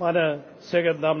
meine